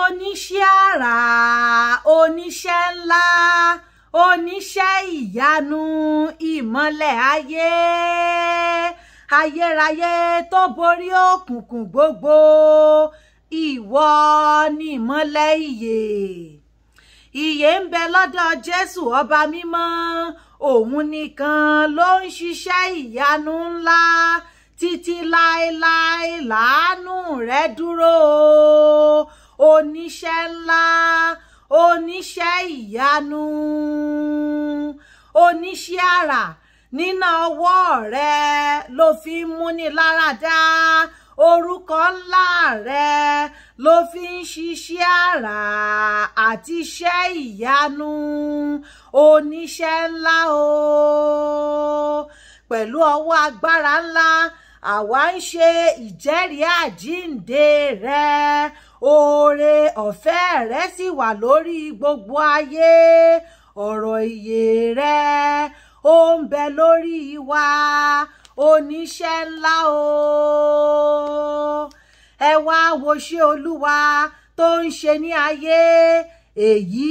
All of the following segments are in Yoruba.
oníṣẹ́ àrà oníṣẹ́ ńlá oníṣẹ́ ìyanu ìmọ́lẹ̀ ayé ayérayé tó borí òkùnkùn gbogbo ìwọ ni ìmọ́lẹ̀ ìyè ìyè ń bẹ lọ́dọ̀ Jésù ọba mímọ́ òun nìkan ló ń ṣiṣẹ́ ìyanu ńlá títí láéláé láàánú rẹ̀ dúró o oníṣẹ́ ńlá oníṣẹ́ ìyanu oníṣẹ́ àrà nínà ọwọ́ rẹ ló fi ń múni láradá orúkọ ńlá rẹ ló fi ń ṣiṣẹ́ àrà àti iṣẹ́ ìyanu oníṣẹ́ ńlá o pẹ̀lú ọwọ́ agbára ńlá àwa ń ṣe ìjẹ́rìí àjíǹde rẹ oore ọ̀fẹ́ rẹ̀ sì wà lórí gbogbo ayé ọ̀rọ̀ ìyè rẹ̀ ó ń bẹ lórí wa oníṣẹ́ ńlá o ẹ wá wo ṣé olúwa tó ń ṣe ní ayé èyí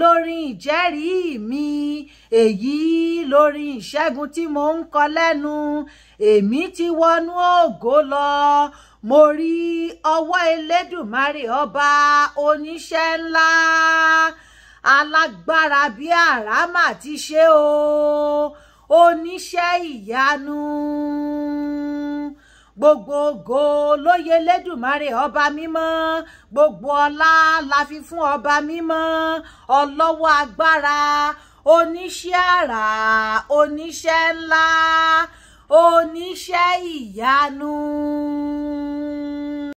lórin ìjẹ́rìí mi èyí lórin ìṣẹ́gun tí mo ń kọ lẹ́nu èmi ti wọnú ògo lọ mo rí ọwọ́ elédùmarè ọba oníṣẹ́ ńlá alágbára bíi àrá mà ti ṣe o oníṣẹ́ ìyanu gbogbo ògo ló yẹ lẹ́dùnmáre ọba mímọ́ gbogbo ọlá la fi fún ọba mímọ́ ọlọ́wọ́ agbára oníṣẹ́ àrà oníṣẹ́ ńlá oníṣẹ́ ìyanu.